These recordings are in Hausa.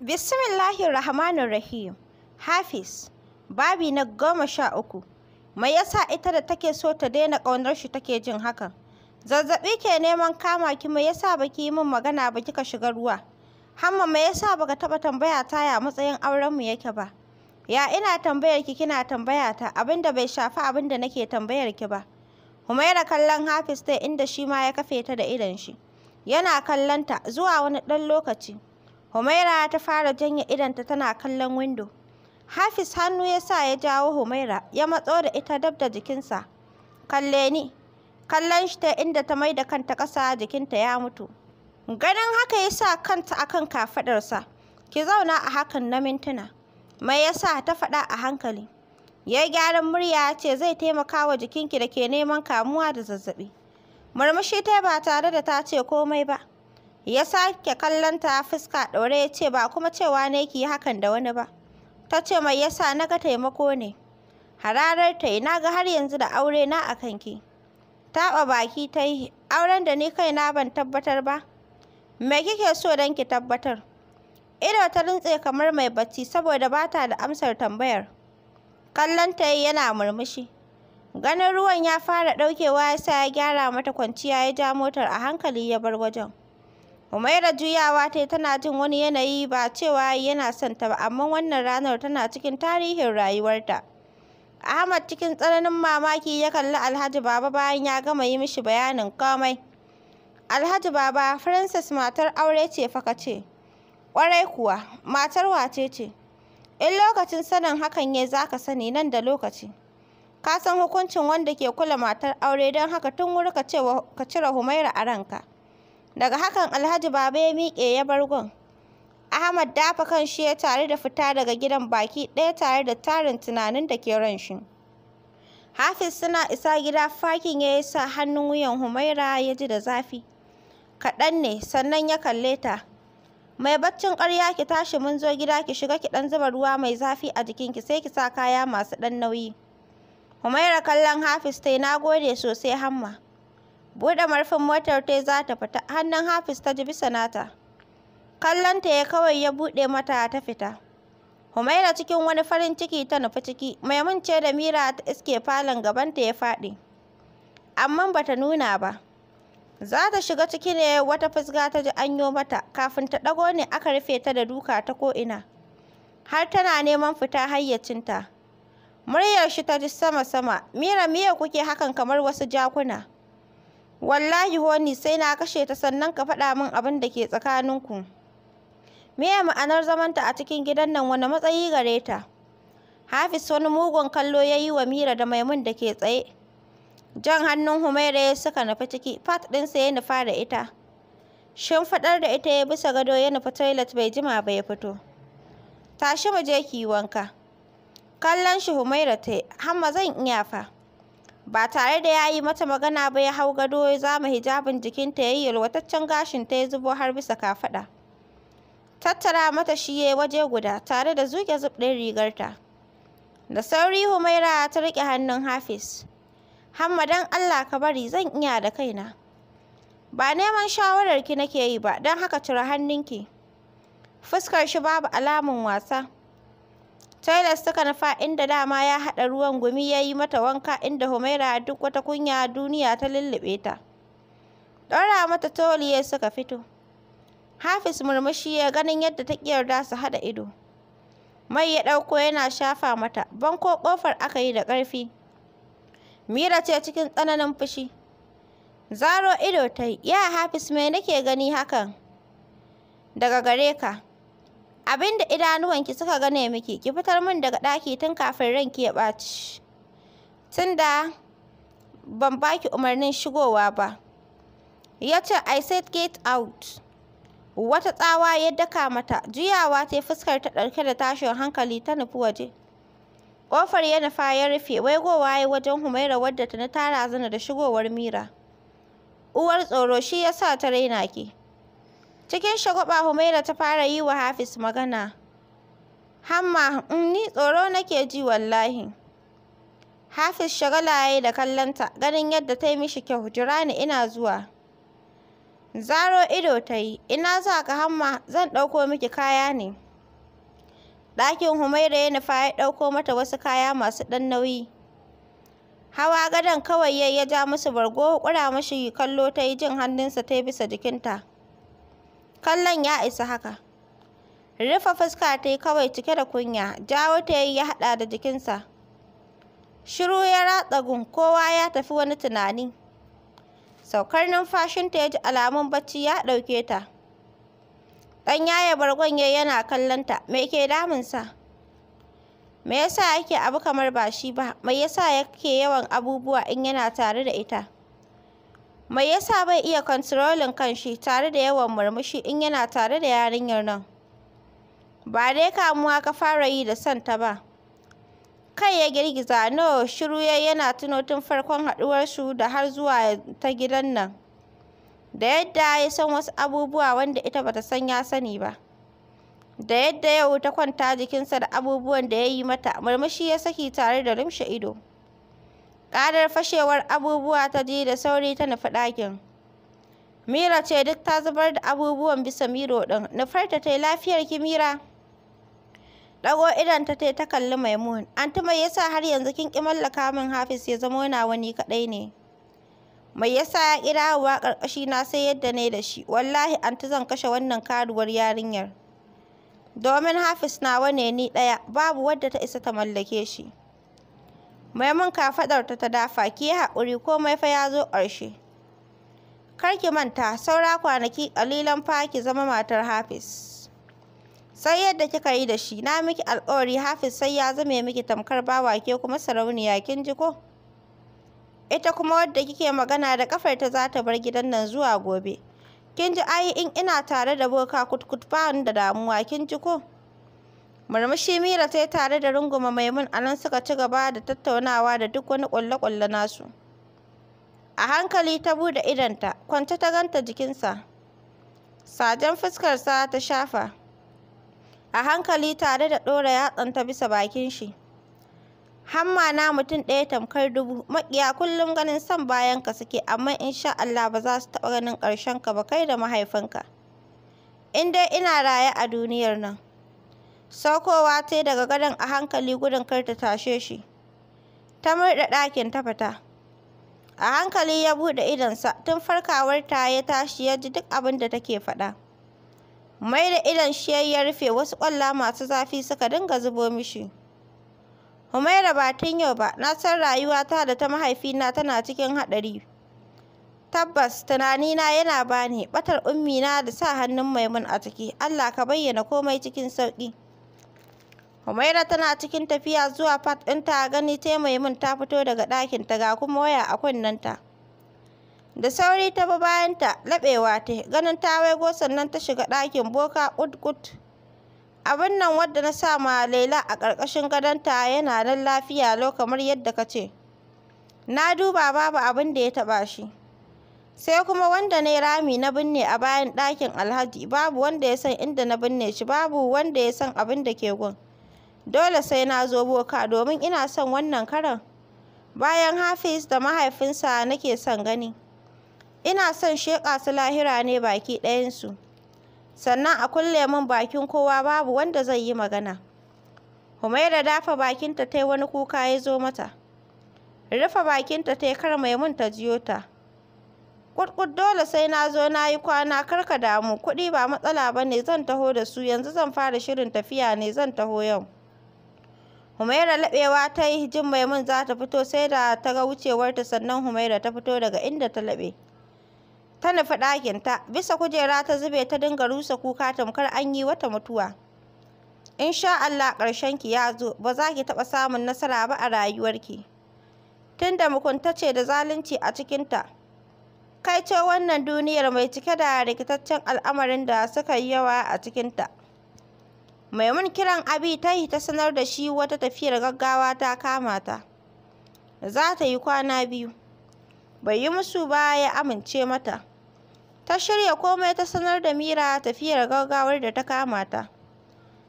Bismillahir Rahmanir Rahim. Hafiz, babi na goma sha uku. Mai yasa ita da take so ta daina ƙaunar shi take jin hakan? Zazzaɓi ke neman kama ki mai yasa baki yi min magana ba kika shiga ruwa? Hamma mai yasa baka taɓa tambaya ta ya matsayin mu yake ba? Ya ina tambayar ki kina tambaya ta abinda bai shafi abinda nake tambayar ki ba. Humaira kallon Hafiz ta inda shi ma ya kafe ta da idon shi. Yana kallon ta zuwa wani ɗan lokaci. Humaira ta fara janye idanta tana kallon windo. Hafiz hannu ya sa ya jawo Humaira ya matso da ita dab da jikinsa. Kalle ni. Kallon shi ta inda ta mai da kanta ƙasa jikinta ya mutu. Ganin haka ya sa kanta akan kafaɗarsa. Ki zauna a hakan na mintuna. Mai sa ta faɗa a hankali. Ya gyaran murya ce zai taimaka wa jikinki da ke neman kamuwa da zazzaɓi. Murmushi ta ba tare da ta ce komai ba. ya sake kallon ta fuska ɗaure ya ce ba kuma cewa ne ki yi hakan da wani ba ta ce mai yasa na ga taimako ne hararar ta na ga har yanzu da aure na a kanki taɓa baki ta yi auren da ni kai na ban tabbatar ba me kike so don ki tabbatar ido ta rintse kamar mai bacci saboda ba ta da amsar tambayar kallon ta yi yana murmushi ganin ruwan ya fara ɗaukewa ya sa ya gyara mata kwanciya ya ja motar a hankali ya bar wajen Humaira juyawa ta tana jin wani yanayi ba cewa yana son ta ba amma wannan ranar tana cikin tarihin rayuwarta. Ahmad cikin tsananin mamaki ya kalli Alhaji Baba bayan ya gama yi mishi bayanin komai. Alhaji Baba, Francis matar aure ce fa ce. Ƙwarai kuwa, matar wace ce? In lokacin sanin hakan ya za ka sani nan da lokaci. Ka san hukuncin wanda ke kula matar aure don haka tun wuri ka cire Humaira a ranka. daga hakan alhaji baba ya miƙe ya bar gun ahmad dafa kan shi ya tare da fita daga gidan baki ɗaya tare da tarin tunanin da ke ran shi hafiz suna isa gida fakin ya yi sa hannun wuyan humaira ya ji da zafi kaɗan ne sannan ya kalle ta mai baccin ƙarya ki tashi mun zo gida ki shiga ki ɗan zuba ruwa mai zafi a jikinki sai ki sa kaya masu ɗan nauyi humaira kallon hafiz ta yi na gode sosai hamma buɗe marfin motar ta za ta fita hannun hafiz ta ji bisa nata kallonta ya kawai ya buɗe mata ta fita humaira cikin wani farin ciki ta nufi ciki maimun ce da mira ta iske falon gabanta ya faɗi amma ta nuna ba za ta shiga ciki ne wata fusga ta ji anyo mata kafin ta ɗago ne aka rufe ta da duka ta ko'ina har tana neman fita hayyacinta muryar shi ta ji sama-sama mira miya kuke hakan kamar wasu jakuna wallahi honi sai na kashe ta sannan ka faɗa min abin da ke tsakaninku ya ma'anar zamanta a cikin gidan nan wani matsayi gare ta hafiz wani mugun kallo ya yi wa mira da maimun da ke tsaye jan hannun humaira ya suka nufi ciki fat sai ya nufa da ita Shin faɗar da ita ya bisa gado ya nufi toilet bai jima ba ya fito tashi mu je ki yi wanka kallon shi humaira ta hamma zan iya fa ba tare da ya yi mata magana ba ya hau gado ya zama hijabin jikinta ya yi yalwataccen ta ya zubo har bisa kafaɗa tattara mata shi ya waje guda tare da zuke zub ɗin rigarta da sauri humaira ta riƙe hannun hafiz hammadan allah ka bari zan iya da kaina ba neman shawararki nake yi ba don haka cire hannunki fuskar shi babu alamun wasa Toilet suka nufa inda dama ya haɗa ruwan gumi ya yi mata wanka inda Humaira duk wata kunya duniya ta lullube ta. Ɗora mata toliye suka fito. Hafiz murmushi ya ganin yadda ta yarda su haɗa ido. Mai ya ɗauko yana shafa mata, banko ƙofar aka yi da ƙarfi. Mira ce cikin tsananin fushi. Zaro ido ta yi, ya Hafis mai nake gani hakan? Daga gare ka. abin da idanuwanki suka gane miki ki fitar min daga ɗaki tun kafin ranki ya ɓaci tunda ban baki umarnin shigowa ba ya ce i said get out wata tsawa ya daka mata juyawa ta fuskar ta ɗauke da tashin hankali ta nufi waje ƙofar ya nufa ya rufe waigowa ya wajen humaira wadda ta na tara zana da shigowar mira uwar tsoro shi ya sa ta raina ki Cikin shagwaba Humaira ta fara yi wa Hafiz magana. Hamma, mm, ni tsoro nake ji wallahi. Hafiz shagala ya yi da kallonta, ganin yadda ta yi mishi kyau, jira ni ina zuwa. Zaro ido ta yi, ina za ka hamma, zan ɗauko miki kaya ne. Ɗakin Humaira ya nufa ya ɗauko mata wasu kaya masu ɗan nauyi. Hawa gadon kawai ya ja musu bargo, ƙura mashi kallo ta yi jin hannunsa ta yi bisa jikinta. kallon ya isa haka rufe fuska ta yi kawai cike da kunya jawo ta yi ya haɗa da jikinsa shiru ya ratsa gun kowa ya tafi wani tunani saukar numfashinta ya ji alamun bacci ya ɗauke ta ɗan yaya bargon ya yana kallonta me ke damunsa me yasa yake abu kamar ba shi ba me yasa yake yawan abubuwa in yana tare da ita Mai yasa bai iya kontrolin kanshi tare da yawan murmushi in yana tare da yarinyar nan? Ba dai kamuwa ka fara yi da son ta ba. Kai ya girgiza, no, shiru ya yana tuno tun farkon haɗuwarsu da har zuwa ta gidan nan. Da yadda ya san wasu abubuwa wanda ita bata san ya sani ba. Da yadda yau ta kwanta jikinsa da abubuwan da ya yi mata, murmushi ya saki tare da rumshe ido. Ƙarar fashewar abubuwa ta ji da sauri ta nufi ɗakin. Mira ce duk ta zubar da abubuwan bisa miro ɗin. Nufarta ta yi lafiyar ki Mira. Ɗago idonta ta ta kalli Maimun. Anti mai yasa har yanzu kin ƙi mallaka min Hafiz ya zamo nawa wani kaɗai ne. Mai yasa ya ƙi dawowa ƙarƙashi na sai yadda ne da shi. Wallahi anti zan kashe wannan karuwar yarinyar. Domin Hafiz nawa ne ni ɗaya, babu wadda ta isa ta mallake shi. mai maimun kafaɗarta ta dafa ki yi haƙuri komai fa ya zo ƙarshe kar ki manta saura kwanaki ƙalilan fa ki zama matar hafiz sai yadda kika yi da shi na miki alƙawari hafiz sai ya zame miki tamkar bawa ke kuma sarauniya kin ji ko ita kuma wadda kike magana da kafarta za ta bar gidan nan zuwa gobe kin ji ai in ina tare da boka kutkut ba da damuwa kin ji ko murmushi mira ta yi tare da runguma maimun a nan suka ci gaba da tattaunawa da duk wani kulle-kulle nasu a hankali ta bude idanta kwanta ta ganta jikinsa sajen fuskarsa ta shafa a hankali tare da ɗora yatsanta bisa bakin shi hamma na mutum ɗaya tamkar dubu maƙiya kullum ganin son ka suke amma insha Allah ba za su taɓa ganin ka ba kai da mahaifinka in dai ina raye a duniyar nan Saukowa ta daga gadon a hankali gudun kar ta tashe shi. Ta murɗa ɗakin ta fita. A hankali ya buɗe idonsa, tun farkawarta ya tashi ya ji duk abin da take faɗa. Mai da idon shi ya rufe wasu ƙwalla masu zafi suka dinga zubo mishi. Humaira ba tun yau ba, na san rayuwata da ta mahaifina tana cikin haɗari. Tabbas tunanina yana bani ɓatar ummina da sa hannun Maimun a ciki. Allah ka bayyana komai cikin sauƙi. Humaira tana cikin tafiya zuwa fat ta gani ta Maimun ta fito daga ɗakin ta ga kuma waya a kunnenta. Da sauri ta bi ta laɓewa ta ganin ta waigo sannan ta shiga ɗakin boka ƙut-ƙut. Abin nan wadda na sa ma Laila a ƙarƙashin ta yana nan lafiya lau kamar yadda ka ce. Na duba babu abin da ya taɓa shi. Sai kuma wanda na rami na binne a bayan ɗakin Alhaji babu wanda ya san inda na binne shi babu wanda ya san abin da ke gun. Dole sai na zo boka domin ina son wannan karan. Bayan Hafiz da mahaifinsa nake son gani. Ina son sheƙa su lahira ne baki ɗayansu. Sannan a kulle min bakin kowa babu wanda zai yi magana. Humaira dafa bakinta ta wani kuka ya zo mata. Rufe bakinta ta yi kar mun ta jiyo ta. kudkud dole sai na zo na yi kwana kar ka damu kuɗi ba matsala ba ne zan taho da su yanzu zan fara shirin tafiya ne zan taho yau. Humaira laɓewa ta yi jin Maimun za ta fito sai da ta ga wucewarta sannan Humaira ta fito daga inda ta laɓe. Ta nufi ɗakinta, bisa kujera ta zube ta dinga rusa kuka tamkar an yi wata mutuwa. In sha Allah ƙarshenki ya zo, ba za ki taɓa samun nasara ba a rayuwarki. Tunda mukunta ce da zalunci a cikinta. Kai ce wannan duniyar mai cike da rikitaccen al'amarin da suka yi yawa a cikinta. Mai mun kiran Abi ta yi ta sanar da shi wata tafiyar gaggawa ta kama ta. Za ta yi kwana biyu. Bai yi musu ba ya amince mata. Ta shirya komai ta sanar da Mira tafiyar gaggawar da ta kama ta.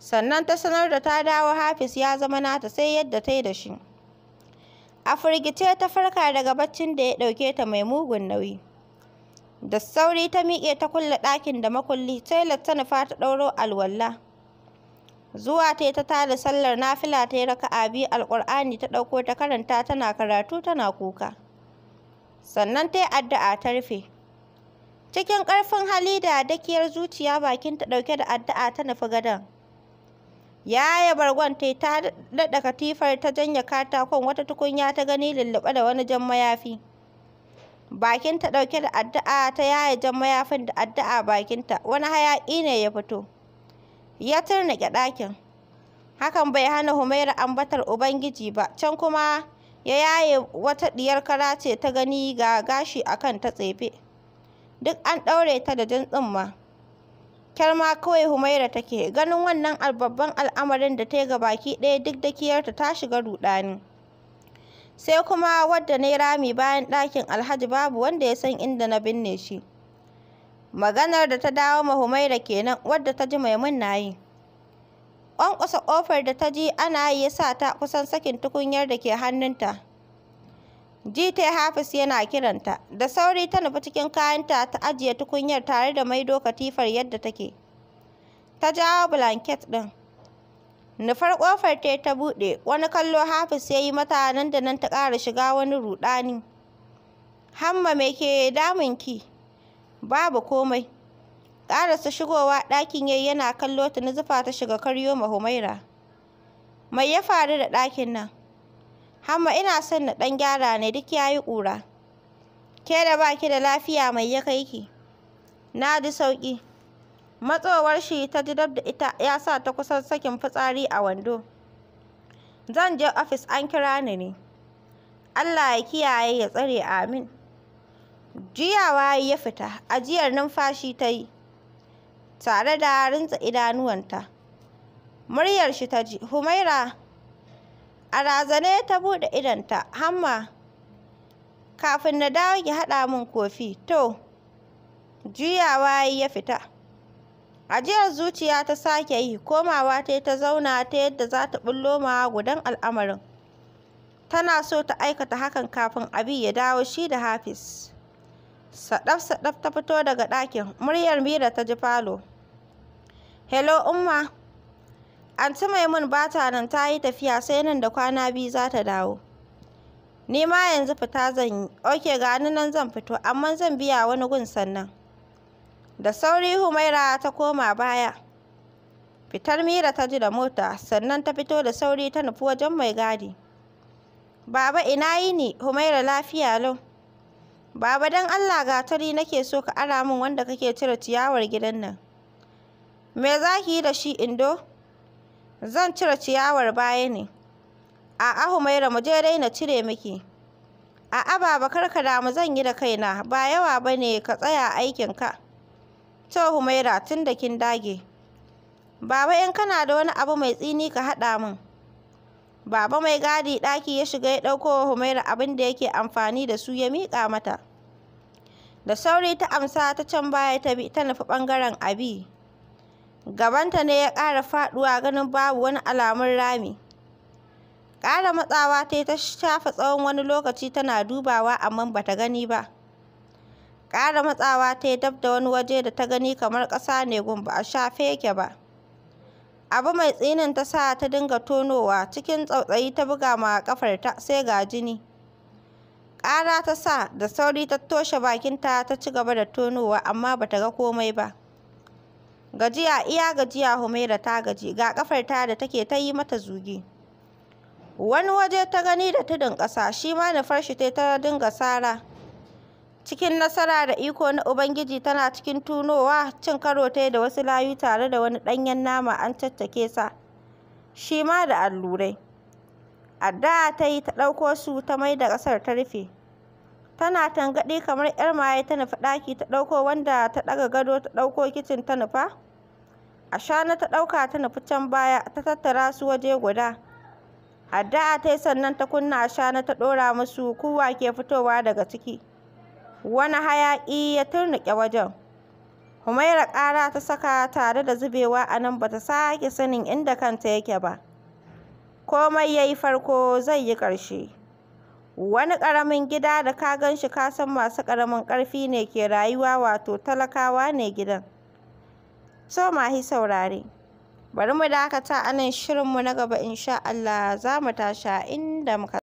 Sannan ta sanar da ta dawo Hafis ya zama nata sai yadda ta yi da shi. A firgice ta farka daga baccin da ya ɗauke ta mai mugun nauyi. Da sauri ta miƙe ta kulle ɗakin da makulli, sai ta nufa ta ɗauro alwallah zuwa ta yi ta tada sallar nafila ta yi raka'a biyu alƙur'ani ta ɗauko ta karanta tana karatu tana kuka sannan ta yi addu'a ta rufe cikin ƙarfin hali da dakiyar zuciya bakinta ɗauke da addu'a ta nufi gadon yaya bargon ta ta daɗa katifar ta janye katakon wata tukunya ta gani lulluɓe da wani jan mayafi bakinta ɗauke da addu'a ta yaya jan mayafin da addu'a bakinta wani hayaƙi ne ya fito ya turnuƙe ɗakin hakan bai hana humaira ambatar ubangiji ba can kuma ya yaye wata diyar kara ce ta gani ga gashi a kan ta tsefe duk an ɗaure ta da jan tsumma kyarma kawai humaira take ganin wannan babban al'amarin da ta yi ga baki ɗaya duk dakiyarta ta shiga ruɗani sai kuma wadda na rami bayan ɗakin alhaji babu wanda ya san inda na binne shi Maganar da ta dawo ma Humaira kenan wadda ta ji Maimun na yi. Ƙwanƙwasa ƙofar da ta ji ana yi ya sa ta kusan sakin tukunyar da ke hannunta. Ji ta Hafiz yana kiranta, da sauri ta nufi cikin kayanta ta ajiye tukunyar tare da maido katifar yadda take. Ta jawo blanket ɗin. Nufar ƙofar ta ta buɗe, wani kallo hafis ya yi mata nan da nan ta ƙara shiga wani ruɗani. Hamma me ke damunki? ki? babu komai ƙarasa shigowa ɗakin yayi yana kallo ta zufa ta shiga karyo ma humaira mai ya faru da ɗakin nan hamma ina son na ɗan gyara ne duk yayi ƙura ke da baki da lafiya mai ya kai ki na ji sauƙi matsowar shi ta ji dab da ita ya sa ta kusan sakin fitsari a wando zan je ofis an kira ni ne Allah ya kiyaye ya tsare amin Juyawa ya ya fita, ajiyar numfashi ta yi, tare da rintsa idanuwanta. Muryar shi ta ji, Humaira, a razane ta buɗe idonta, Hamma, kafin na dawo ki haɗa min kofi, to, juyawa ya ya fita. Ajiyar zuciya ta sake yi, komawa ta ta zauna ta yadda za ta ɓullo ma gudan al'amarin. Tana so ta aikata hakan kafin Abi ya dawo shi da Hafiz. saɗaf-saɗaf ta fito daga ɗakin muryar mira ta ji falo hello umma anti maimun ba ta nan ta yi tafiya sai nan da kwana biyu za ta dawo ni ma yanzu fita zan yi ok gani nan zan fito amma zan biya wani gun sannan da sauri humaira ta koma baya fitar mira ta ji da mota sannan ta fito da sauri ta nufi wajen mai gadi baba ina yi ni, humaira lafiya lau Baba don Allah gatari nake so ka ara min wanda kake cire ciyawar gidan nan. Me za ki yi da shi Indo? Zan cire ciyawar baya ne. A'a Humaira mu je dai na cire miki. A'a baba kar ka damu zan yi da kaina ba yawa ba ne ka tsaya aikinka. To Humaira tun da kin dage. Baba in kana da wani abu mai tsini ka haɗa min. Baba mai gadi ɗaki ya shiga ya ɗauko wa Humaira abin da yake amfani da su ya miƙa mata. Da sauri ta amsa ta can baya ta bi ta nufi ɓangaren Abi. Gabanta ne ya ƙara faɗuwa ganin babu wani alamun rami. Ƙara matsawa ta ta shafa tsawon wani lokaci tana dubawa amma bata gani ba. Ƙara matsawa ta yi dab da wani waje da ta gani kamar ƙasa ne gun ba a shafe yake ba. abu mai tsinin ta sa ta dinga tonowa cikin tsautsayi ta buga ma ta sai ga jini ƙara ta sa da sauri ta toshe bakinta ta ci gaba da tonowa amma bata ga komai ba gajiya iya gajiya humaira ta gaji ga ƙafarta da take ta yi mata zugi wani waje ta gani da tudun ƙasa shi ma nufar shi ta dinga sara cikin nasara da iko na Ubangiji tana cikin tunowa cin karo ta da wasu layu tare da wani ɗanyen nama an caccake sa shi ma da allurai adda ta yi ta ɗauko su ta mai da ƙasar ta rufe tana tangaɗi kamar 'yar maye ta nufi ɗaki ta ɗauko wanda ta ɗaga gado ta ɗauko kicin ta nufa A shana ta ɗauka ta nufi can baya ta tattara su waje guda adda ta yi sannan ta kunna a shana ta ɗora musu kowa ke fitowa daga ciki wani hayaƙi ya turnuƙe wajen. Humaira ƙara ta saka tare da zubewa a nan ba ta sake sanin inda kanta yake ba. Komai ya yi farko zai yi ƙarshe. Wani ƙaramin gida da ka gan shi ka san masu ƙaramin ƙarfi ne ke rayuwa wato talakawa ne gidan. So mahi saurare, bari mu dakata a nan shirinmu na gaba insha Allah za mu tashi a inda muka